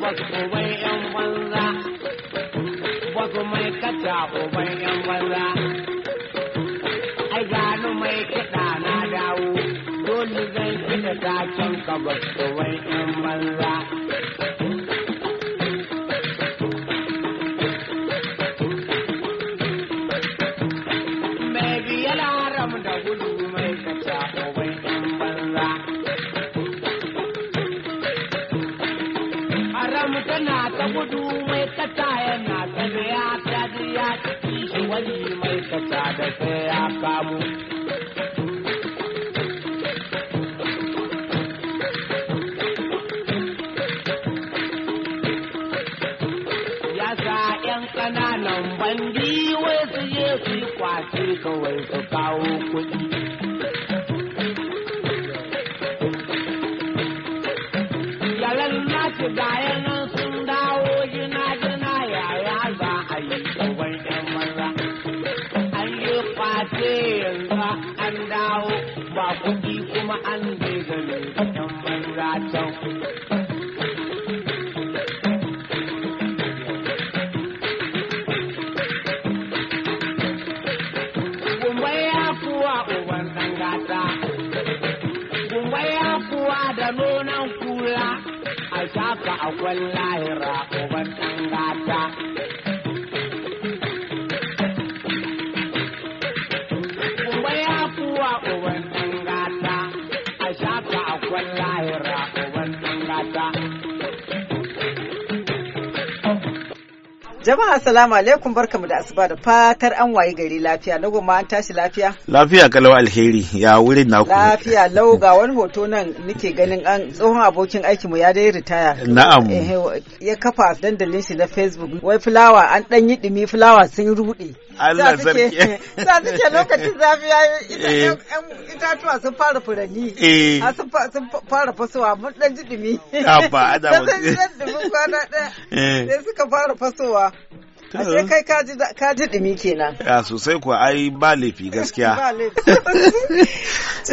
ba su yan banza ba su mai kata uban yan banza ai gano mai kiɗa na dawo dole zan kiɗa ta can ka ba su yan banza du mai kata yana sana ya taji ya ciki shi wani mai kata da sai ya kamu ya sa yan ƙananan bandi wai su je su yi kwace kawai su kawo kuɗi guy wallahi rakuban tangata. Kuma ya kuwa uban tangata, a shafa a wallahi rakuban tangata. Jama'a salamu alaikum barkamu da asuba da fatar an wayi gari lafiya na goma an tashi lafiya. Lafiya kalau alheri ya wurin naku. Lafiya lau ga wani hoto nan nake ganin an tsohon abokin aikinmu ya dai ritaya. Na'am. Ya kafa dandalin shi na Facebook wai fulawa an dan yi dumi fulawa sun rude. Allah zarki Sa suke lokacin zafi ya yi eh. itatuwa sun fara furanni. Eh. Sun fara fasowa mun dan ji dumi. Abba ada wasu. dan dumi kwana ɗaya. Eh. Sai suka fara fasowa. Ashe kai ka ji dumi kenan. Ya sosai kuwa ai ba laifi gaskiya. Ba laifi.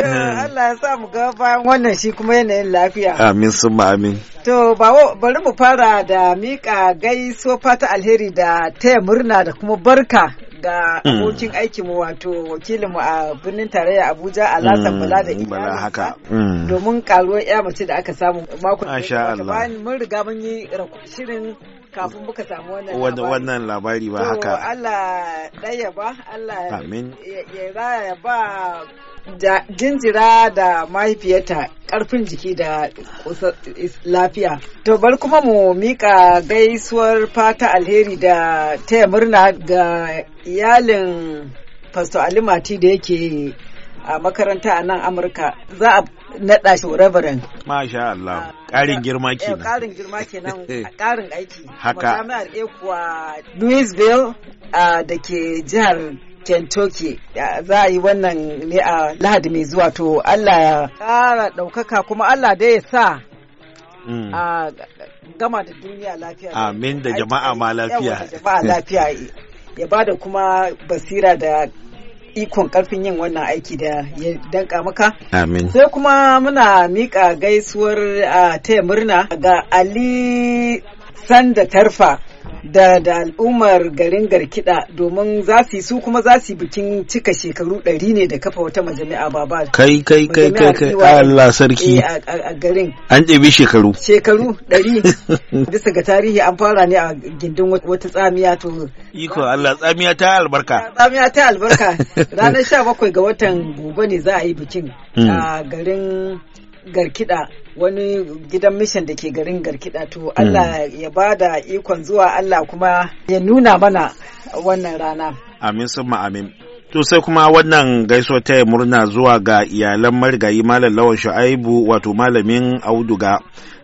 Allah ya sa mu ga bayan wannan shi kuma yanayin lafiya. Amin summa amin. To bawo bari mu fara da mika gaiso fata alheri da taya murna da kuma barka da hmm. abokin aikinmu wato wakilinmu a birnin tarayya Abuja a Lasan hmm, Bala da Bala haka. Hmm. Domin karuwar ya mace da aka samu makon da ya mun riga mun yi shirin kafin muka samu wannan labari ba haka To Allah ɗaya ba Allah ya raya ba jinjira da mahaifiyarta karfin jiki da lafiya. To bar kuma mu mika gaisuwar fata alheri da taya murna ga iyalin Pastor Ali Mati da yake a makaranta a nan Amurka. Za a naɗa shi reverend. Masha Allah. Ah, ƙarin girma eh, nan Ƙarin girma nan. Eh. ƙarin aiki. Haka. jami'ar Ekuwa Louisville ah, da ke jihar Kentucky za a yi wannan ne a Lahadi mai zuwa to Allah ya ƙara ɗaukaka kuma Allah dai ya sa mm. a ah, gama da duniya lafiya. Amin da jama'a ma lafiya. lafiya ya ba da kuma basira da ikon karfin yin wannan aiki da ya danka maka. Amin. Sai kuma muna miƙa gaisuwar taya murna ga Ali Sanda Tarfa. da da al'ummar garin garkida domin za su yi su kuma za su yi bikin cika shekaru ɗari ne da kafa wata majami'a baba kai kai kai kai kai Allah sarki eh, a garin an ɗebi shekaru shekaru ɗari bisa ga tarihi an fara ne a gindin wata tsamiya to iko Allah tsamiya ta albarka tsamiya ta albarka ranar sha bakwai ga watan gobe ne za a yi bikin hmm. a garin garkida wani gidan mishan da ke garin garkida to hmm. Allah ya ba da ikon zuwa Allah kuma ya nuna mana wannan rana. Amin summa amin. To sai kuma wannan gaiso ta murna zuwa ga iyalan marigayi Malam Lawan Shu'aibu wato malamin Auduga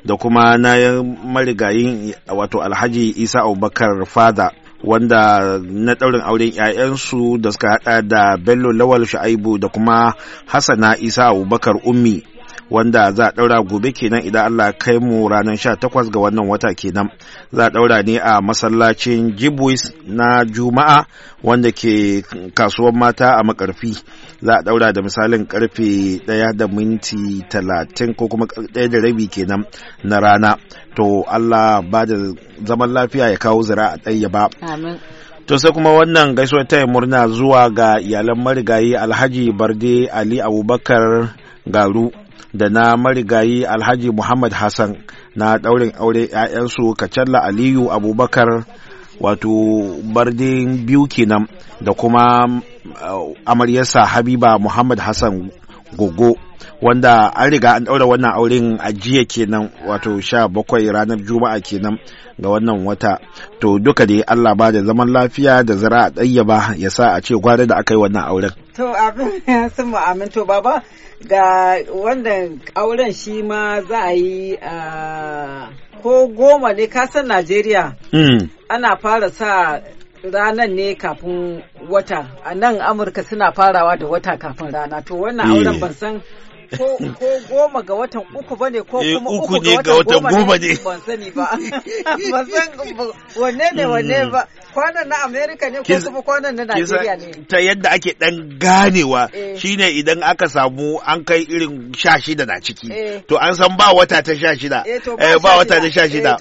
da kuma na marigayin wato Alhaji Isa Abubakar Fada. wanda na ɗaurin auren 'ya'yansu da suka haɗa da bello lawal shu'aibu da kuma hassana isa abubakar ummi wanda za a ɗaura gobe kenan idan Allah kai mu ranar takwas ga wannan wata kenan za a ɗaura ne a masallacin Jibuis na Juma'a wanda ke kasuwar mata a makarfi za a ɗaura da misalin karfe ɗaya da minti talatin ko kuma ɗaya da rabi kenan na rana to Allah ba da zaman lafiya ya kawo zira a ɗaya ba. to sai kuma wannan gaisuwar yi murna zuwa ga iyalan marigayi alhaji barde ali abubakar garu da na marigayi alhaji muhammad hassan na daurin aure 'ya'yansu kacalla aliyu abubakar wato bardin biyu kenan da kuma uh, amaryarsa habiba muhammad hassan gogo wanda an riga an daura wannan auren a jiya kenan wato sha bakwai ranar juma'a kenan ga wannan wata to duka dai allah ba da zaman lafiya da zira a ɗayyaba ya sa a ce gwada da aka yi wannan auren To abin ya sun to baba ga wannan auren shi ma za a yi ko goma ne kasan Najeriya. Hmm. Ana fara sa ranan ne kafin wata a nan Amurka suna farawa da wata kafin rana to wannan eh. auren ban san ko goma ga watan uku ba ne ko eh, kuma uku ga watan goma ne ban sani ba ban san wanne ne wanne hmm. ba kwanan na america ne ko kuma kwanan na nigeria ne ta yadda ake dan ganewa eh. shine idan aka samu an kai irin sha shida na ciki eh. to an san ba wata ta sha shida ba wata ta sha hmm. shida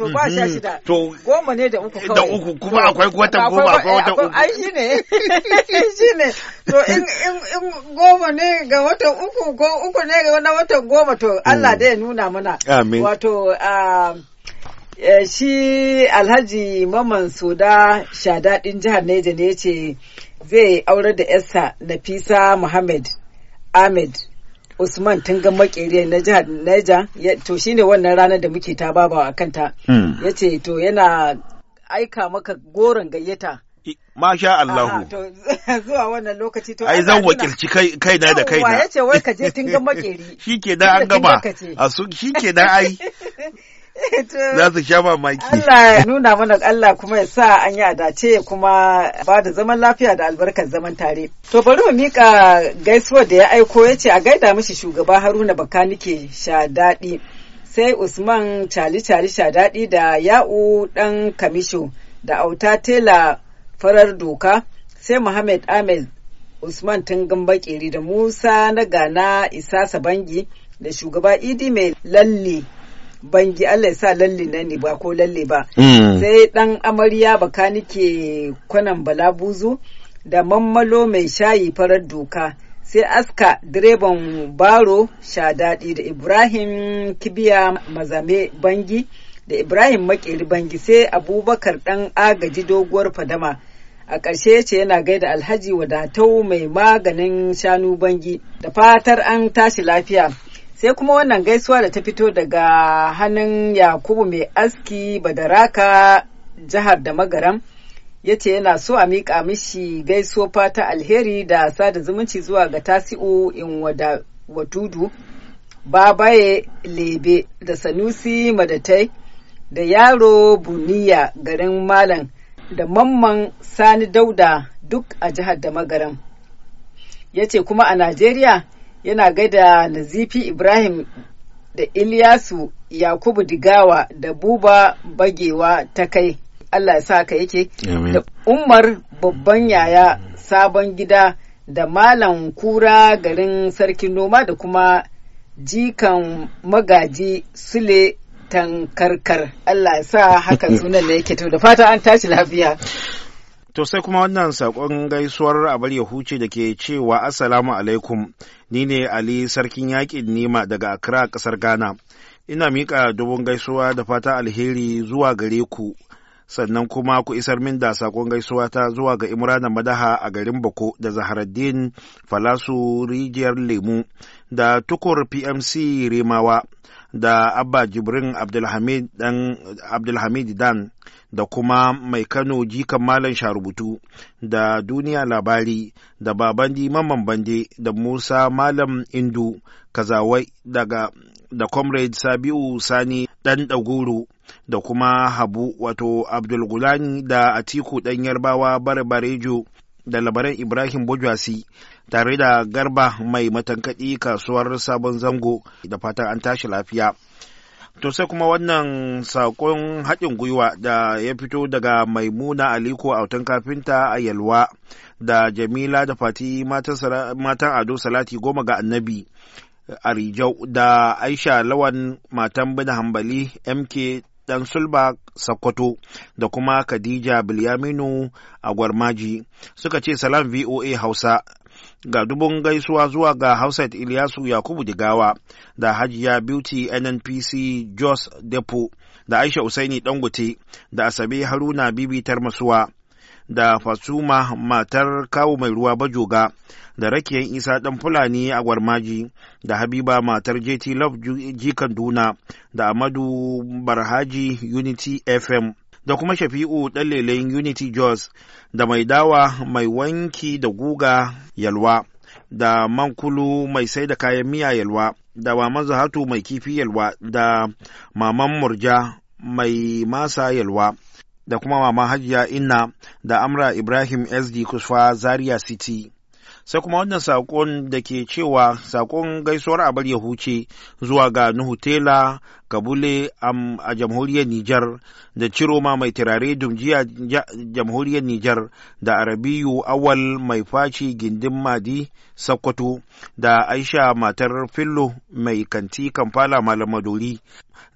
to goma ne da uku da uku kuma akwai watan goma akwai watan uku ai shine shine to in goma ne ga watan uku ko uku ne ga wani watan goma to Allah mm. da ya nuna mana wato e, shi alhaji maman soda shadadin jihar Neja ne yace zai aurar da Esther nafisa muhammad ahmed usman tun ga makeriyar na jihar Neja to shine wannan ranar da muke ta babawa a kanta mm. ya to yana aika maka goron gayyata Masha Allahu. Zuwa wannan lokaci to. Ai zan wakilci kai na da kai na. ya ce wai ka je tun ga makeri. Shi ke da an gama. A su shi ke da ai. Za su sha mamaki. Allah ya nuna mana Allah kuma ya sa an yi adace kuma ba da zaman lafiya da albarkar zaman tare. To bari mu mika gaisuwar da ya aiko ya ce a gaida mishi shugaba Haruna Bakanike sha daɗi. Sai Usman Cali Cali sha daɗi da Ya'u ɗan Kamisho da Auta Tela farar doka sai Muhammad Ahmed Usman Tungan maƙeri da Musa na Gana Isasa Bangi da shugaba Idi mai lalle bangi Allah ya sa lalle na ne ba ko lalle ba. Hmm. Sai ɗan amarya bakanike kwanan balabuzu da mammalo mai shayi farar doka. sai aska direban baro sha daɗi da ibrahim kibiya mazame bangi da ibrahim makeri bangi sai abubakar ɗan agaji doguwar fadama a ƙarshe yace ce yana gaida alhaji wadatau mai maganin shanu bangi da fatar an tashi lafiya sai kuma wannan gaisuwa da ta fito daga hannun yakubu mai aski badaraka jihar da magaram ya ce yana so a miƙa mishi gaisuwa fata alheri da sada zumunci zuwa ga tasi'u in wada watudu babaye lebe da sanusi madatai da yaro buniya garin malam da mamman sani dauda duk a jihar da magaram ya ce kuma a najeriya yana gaida nazifi ibrahim da iliyasu yakubu digawa da buba bagewa ta kai allah ya sa ka yake da umar babban yaya sabon gida da malam kura garin sarkin noma da kuma jikan magaji sule tankarkar Allah ya sa haka sunan da yake to da fata an tashi lafiya To sai kuma wannan saƙon gaisuwar abar ya huce da ke cewa Assalamu alaikum, ni ne Ali Sarkin Yaƙin Nima daga Accra ƙasar Ghana. Ina miƙa dubun gaisuwa da fata alheri zuwa gare ku, sannan kuma ku isar min da saƙon gaisuwa ta zuwa ga Imrana Madaha a garin Bako da Zaharaddin Falasu Rijiyar Lemu da Tukur PMC Remawa. da abba jibrin abdulhamid dan da kuma mai kano jikan malam sharubutu da duniya labari da babandi mamman bande da musa malam indu kazawai daga da comrade sabiu sani dan daguru da kuma habu wato abdulgulani da atiku dan yarbawa bare da labaran ibrahim bujwasi tare da garba mai matankaɗi kasuwar sabon zango da fatan an tashi lafiya. To sai kuma wannan saƙon haɗin gwiwa da ya fito daga Maimuna Aliko autan kafinta a Yalwa da Jamila da Fati matan Ado Salati goma ga annabi a Rijau da Aisha Lawan matan Bina Hambali MK dan Sulba Sakkwato da kuma Khadija Bilyaminu a Gwarmaji suka ce salam VOA Hausa ga dubun gaisuwa zuwa ga Hausat Ilyasu Yakubu Digawa da Hajiya Beauty NNPC Jos Depo da Aisha Usaini Dangote da Asabe Haruna Bibi Tarmasuwa da Fasuma matar kawo mai ruwa bajoga da rakiyan isa ɗan fulani a gwarmaji da habiba matar jt love jikan duna da amadu barhaji unity fm da kuma shafi'u ɗan lelen unity jos da mai dawa mai wanki da guga yalwa da mankulu mai sai da kayan miya yalwa da maman zahatu mai kifi yalwa da maman murja mai masa yalwa da kuma maman hajiya inna da amra ibrahim sd kusfa zaria city sai kuma wannan saƙon da ke cewa saƙon gaisuwar abar ya huce zuwa ga Nuhu Tela Kabule a jamhuriyar Nijar da Ciroma mai turare Dumjiya jamhuriyar Nijar da Arabiyu Awal mai faci gindin Madi sakkwato da Aisha matar Fillo mai kanti Kamfala Malam Maduri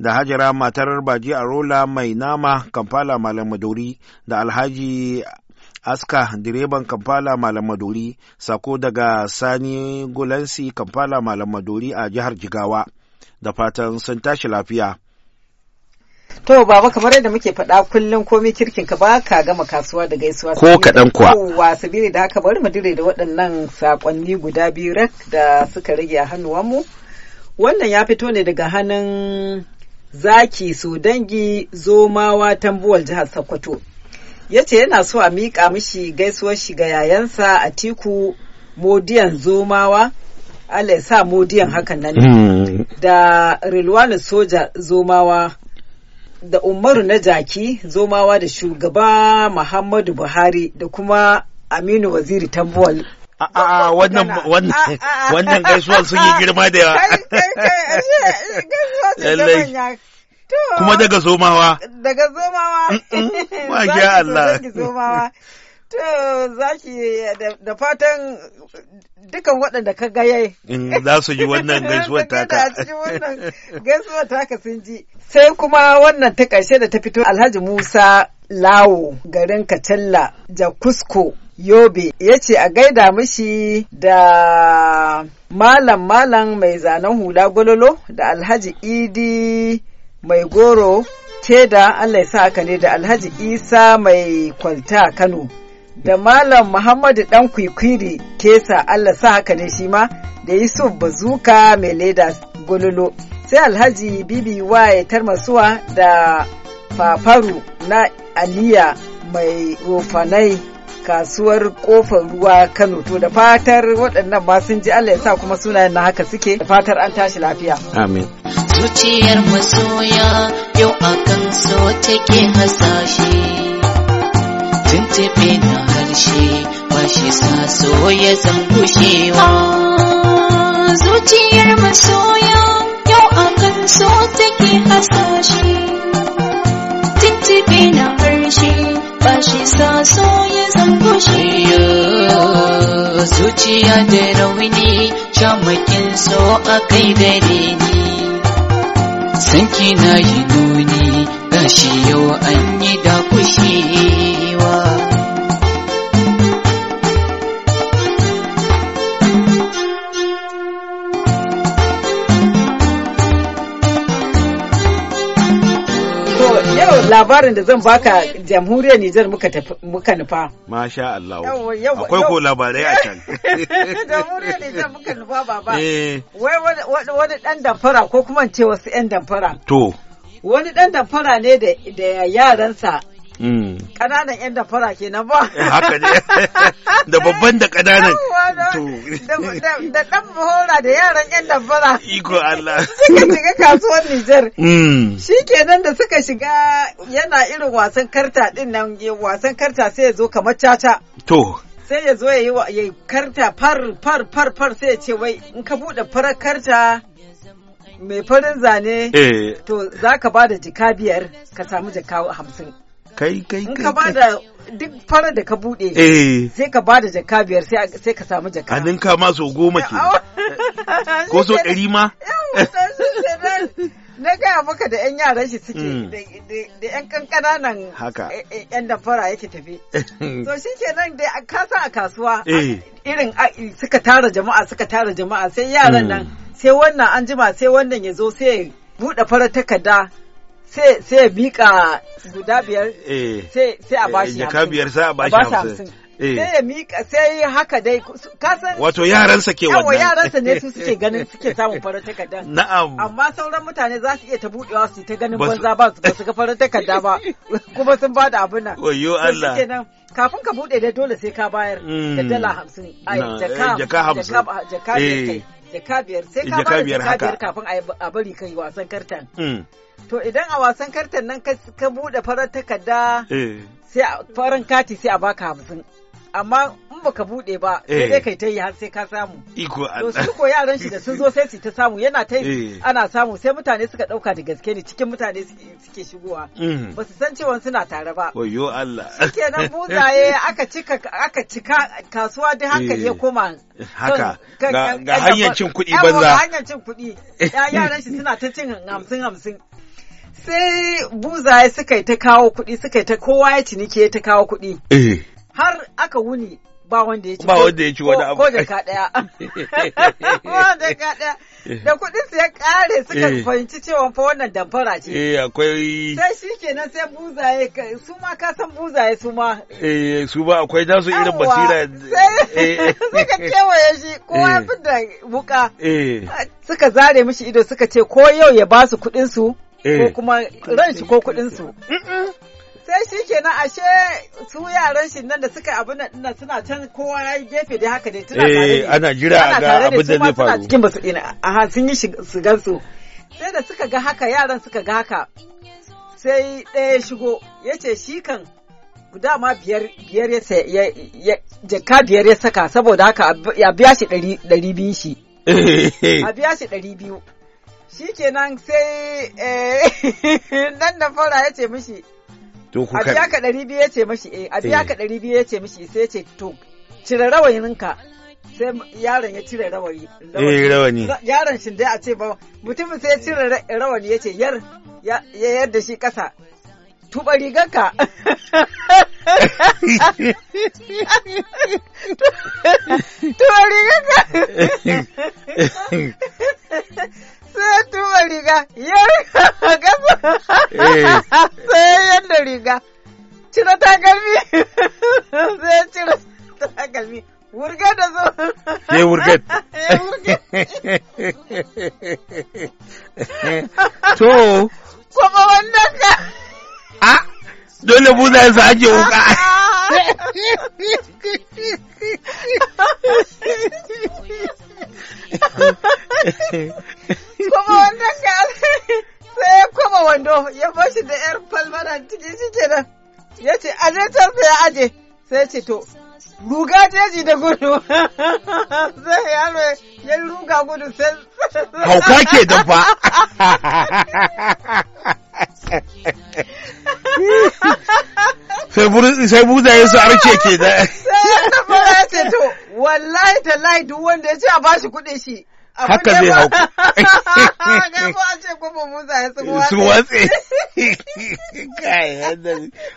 da Hajara matar Baji Arola mai nama Kamfala Malam Maduri da Alhaji aska direban kampala malam maduri sako daga sani gulansi kampala malam maduri a jihar jigawa da fatan sun tashi lafiya To baba kamar yadda muke faɗa kullum komai kirkin ka ba ka gama kasuwa da gaisuwa. Ko kaɗan kuwa. Kowa sabiri da haka bari mu dire da waɗannan saƙonni guda biyu rak da suka rage a hannuwanmu. Wannan ya fito ne daga hannun zaki su dangi zomawa tambuwal jihar Sokoto. ya ce yana so a miƙa mishi gaisuwar shi ga yayansa a tiku modiyan zomawa Allah ya sa modiyan hakan nan hmm. da rilwanu soja zomawa da umaru na jaki zomawa da shugaba muhammadu buhari da kuma aminu waziri tambuwal A'a wannan gaisuwar sun yi girma da yawa. Kuma daga zomawa. Daga zomawa. Mm, mm. gya Allah. zomawa. To zaki da fatan dukan waɗanda ka gaye. Za su ji wannan gaisuwar taka. Za su ji gaisuwar taka sun ji. Sai kuma wannan ta ƙarshe da ta fito Alhaji Musa Lawo garin Kacalla Jakusko Yobe ya ce a gaida mishi da malam malam mai zanen hula gololo da Alhaji Idi mai goro teda allah ya sa aka ne da alhaji isa mai kwalta kano da malam muhammadu dan kwikwiri kesa allah sa haka ne shi ma da yusuf bazuka mai leda gololo sai alhaji bibi waye tarmasuwa da fafaru na aliya mai rofanai kasuwar kofar ruwa Kano to da fatar waɗannan ma sun ji Allah ya sa kuma sunayen na haka suke da fatar an tashi lafiya. Amin. Zuciyar masoya yau a kan so take hasashe. Tuntube na harshe ba shi sa so ya san gushewa. Zuciyar masoya yau a kan so take hasashe. Tuntube na harshe bashi sa so ya zango shi zuciya da rauni shamakin so a kai gare ni sanki na yi nuni gashi yau an yi da kushi yau labarin da zan baka jamhuriyar Nijar muka muka nufa. Masha Allah. Akwai ko labarai a can. Jamhuriyar Nijar muka nufa baba. Eh. Wai wani dan damfara ko kuma ce wasu yan damfara. To. Wani dan damfara ne da yaransa Mm. Ƙananan 'yan damfara kenan ba. Eh, haka ne. Da babban da ƙananan. Da ɗan mahora da yaran 'yan damfara. Iko Allah. Suka shiga kasuwar Nijar. Mm. Shi kenan da suka shiga yana irin wasan karta ɗin nan wasan karta sai ya zo kamar caca. To. sai ya zo ya yi karta far far far far sai ya ce wai in ka bude farar karta mai farin zane eh. to za ka ba da jika biyar ka samu jika hamsin kai kai kai ka bada duk fara da ka bude eh sai ka bada jaka biyar sai sai ka samu jaka a ninka ma so goma ke ko so ɗari ma na gaya maka da 'yan yaran shi suke mm. da 'yan kankana nan haka 'yan fara yake tafi to shi ke nan da kasa a kasuwa eh. irin suka tara jama'a suka tara jama'a sai yaran nan mm. sai wannan an jima sai wannan ya zo sai buɗe farar takarda sai sai miƙa guda biyar eh. sai sai a eh, bashi jaka biyar sai a bashi hamsin eh. sai ya mika sai haka dai kasan wato yaransa ke wannan yaran yaransa ne su suke ganin suke samun farar takarda na'am amma sauran mutane za su iya ta budewa su ta ganin banza ba su ga farar takarda ba kuma sun bada abin nan wayo Allah kafin ka bude dai dole sai ka bayar da hmm. dala hamsin a jaka jaka hamsin jaka jaka jaka biyar sai ka bada jaka biyar kafin a bari kai wasan kartan mm. to idan a wasan kartan nan ka bude farar takarda eh. sai farin kati sai a baka hamsin amma in ka bude ba sai dai eh. kai ta yi har sai ka samu iko to su ko yaran shi da sun zo sai su ta samu yana ta yi eh. ana samu sai mutane suka dauka da gaske ne cikin mutane suke shigowa mm. ba su san cewa suna tare ba wayo Allah shikenan buzaye aka cika aka cika kasuwa da hankali ya eh. koma haka ga hanyar cin kuɗi banza hanyar cin kuɗi yaran shi suna ta cin hamsin hamsin sai buzaye suka yi ta kawo kuɗi suka yi ta kowa ya ciniki ya ta kawo kuɗi har aka wuni ba wanda ya ci ba wanda ya ci wani abu ko ka daya ko ka daya da kudin su ya kare suka eh. fahimci cewa fa wannan damfara ce eh akwai sai shikenan sai buzaye su ma ka san buzaye su ma eh su ba akwai nasu irin basira eh suka kewaye shi kowa ya eh. fita buka eh suka zare mishi ido suka ce ko yau ya ba su kudin su ko eh. kuma ran shi ko kudin su sai shi kenan ashe su yaran shi nan da suka abu na dinnan suna can kowa ya yi gefe da haka dai tuna tare eh, ana jira ga abu da zai faru cikin basu ina ha sun yi su gansu sai da suka ga haka yaran suka ga haka sai ɗaya shigo ya ce shi kan dama biyar biyar ya jaka biyar ya saka saboda haka ya biya shi ɗari biyu shi a biya shi ɗari biyu shi kenan sai eh, nan da fara ya ce mishi to ku a biya ka ya ka ɗari biyu ce mashi sai ce to cire sai yaron ya cire eh, yaron shin dai a ce ba mutumin sai cire rawani ya ce yar ya shi ƙasa tuba tuba sai tuba riga yar wurgat to kuma wannan ka a dole buza su aje wuka kuma wannan ka sai ya koma wando ya bashi da yar falmana cikin shi kenan ya ce aje tarsa ya aje sai ce to ruga jeji da gudu zai yaro ya ruga gudu sai hauka ke da ba sai ya su arce ke da sai ya ce to wallahi lai duk wanda ya ce a bashi kuɗin shi haka zai hauka. Ga ko an ce kuma musa ya su watse.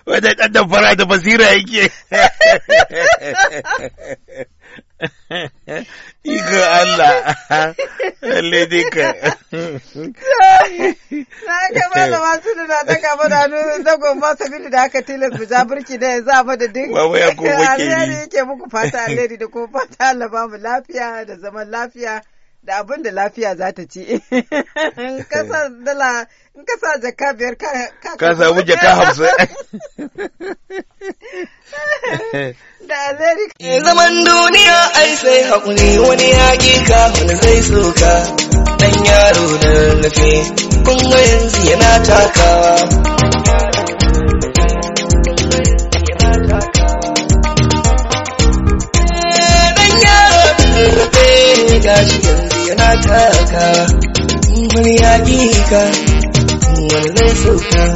wadda ɗan da fara da basira yake. Iko Allah, lalle dika ka. Na ga malama su da na taka mana nuna zagon masu gudu da aka tilas bu ja burki da zama da madadin. Baba ya kuma ke yi. Alheri yake muku fata alheri da kuma fata Allah ba mu lafiya da zaman lafiya. da abin da lafiya za ta ci in kasa dala jaka biyar ka samu jaka hamsin da alheri eh, zaman duniya ai sai hakuri wani yaƙi wani zai soka dan yaro da nufi kun ga yanzu yana takawa Thank you. yana taka wani ya ka wani zai sauka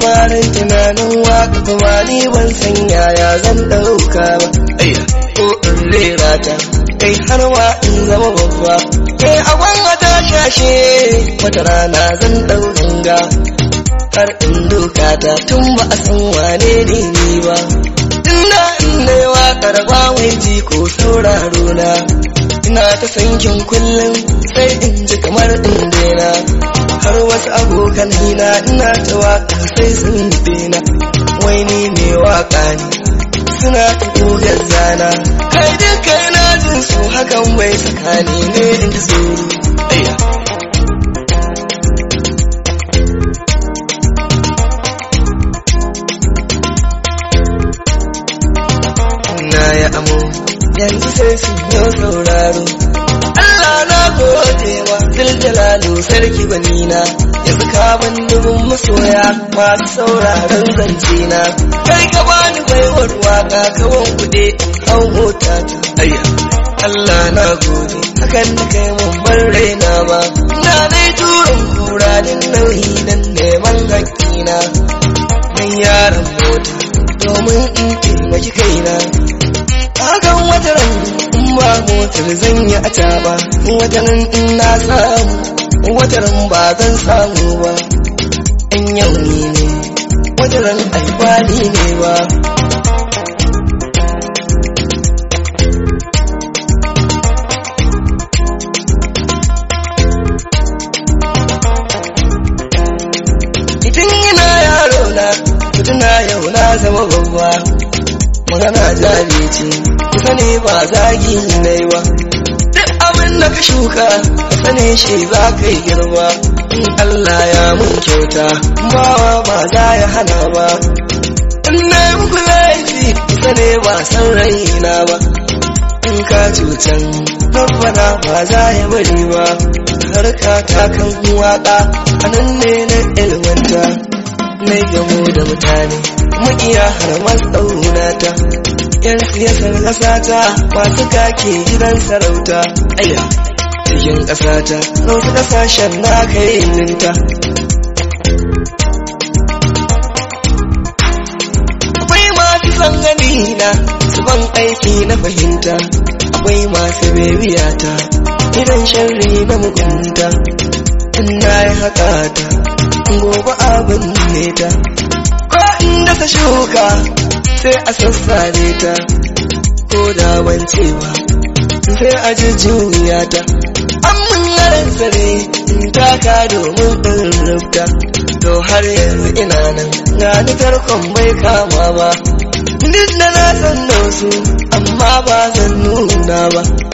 farin tunanin waka kuma ni ban san yaya zan ɗauka ba ko in rera ta kai har wa in zama babba kai a shashe wata rana zan dau ganga har in doka ta tun ba a san wane ne ni ba tunda in wa yi waƙar ji ko sauraro na ina ta sankin kullum sai in ji kamar in daina har wasu abokan hina ina ta waƙa sai sun daina wai ni ne waƙa ne suna da zana kai kai na jin su hakan wai tsakani ne in ji na ya yanzu sai su yi sauraro jalalu sarki banina ya saka ban dubin masoya masu sauraron zance na kai ka bani baiwar waka kawon kuɗe an hota ayya Allah na gode hakan da kai bar raina ba na dai turin kura din nauyi nan neman hakkina mun yaran mota domin in taimaki kaina hakan wata ran ba motar zan yi a taba watanin ina samu watanin ba zan samu ba in yau ni ne watanin alfani ne ba Tun yana yaro na, tuna yau na zama babba. magana jari ce kusa ne ba zagi na yi ba duk abin da ka shuka kusa ne shi za ka yi girma in Allah ya mun kyauta bawa ba za ya hana ba in na yi muku laifi kusa ne ba san raina ba in ka cutan babbana ba za ya bari ba harka ta kan waka a nan ne na ilmanta mai gamo da mutane mukiya har masu ta yan siyasar ƙasata masu kake gidan sarauta aya cikin ƙasata rautu ƙasashen na aka yi ninta akwai masu son gani na su ban aiki na fahimta akwai masu ta idan sharri na mugunta ina ya haƙata gobe abin ne ta ko inda ta shuka sai a sassare ta ko da wancewa sai a jujjuya ta amman yaran sare in taka domin in rufta to har yanzu ina nan na ni tarkon bai kama ba duk da na san da amma ba zan nuna ba